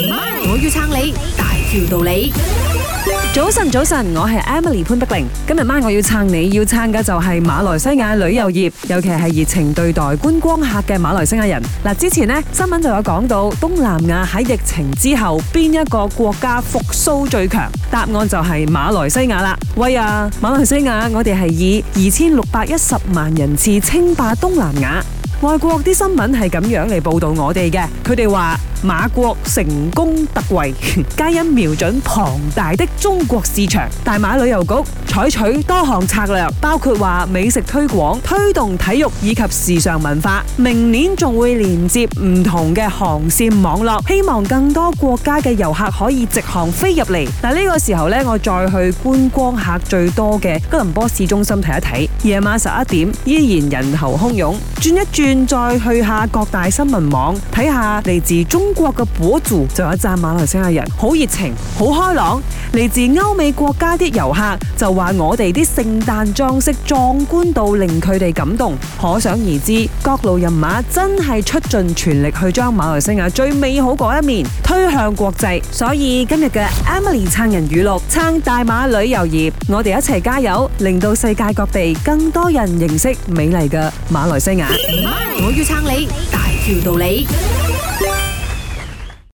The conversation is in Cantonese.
我要撐你，大條道理。早晨，早晨，我係 Emily 潘碧玲。今日晚我要撐你，要撐嘅就係馬來西亞旅遊業，尤其係熱情對待觀光客嘅馬來西亞人。嗱、啊，之前呢新聞就有講到東南亞喺疫情之後邊一個國家復蘇最強？答案就係馬來西亞啦。喂啊，馬來西亞，我哋係以二千六百一十萬人次稱霸東南亞。外國啲新聞係咁樣嚟報道我哋嘅，佢哋話馬國成功突圍，皆因瞄準龐大的中國市場。大馬旅遊局採取多項策略，包括話美食推廣、推動體育以及時尚文化。明年仲會連接唔同嘅航線網絡，希望更多國家嘅遊客可以直航飛入嚟。嗱、這、呢個時候呢，我再去觀光客最多嘅吉隆坡市中心睇一睇，夜晚十一點依然人頭洶湧，轉一轉。再去一下各大新聞網睇下，嚟自中國嘅博主就有一讚馬來西亞人好熱情、好開朗。嚟自歐美國家啲遊客就話我哋啲聖誕裝飾壯觀到令佢哋感動。可想而知，各路人馬真係出盡全力去將馬來西亞最美好嗰一面推向國際。所以今日嘅 Emily 撐人語錄撐大馬旅遊業，我哋一齊加油，令到世界各地更多人認識美麗嘅馬來西亞。我要撐你，大條道理。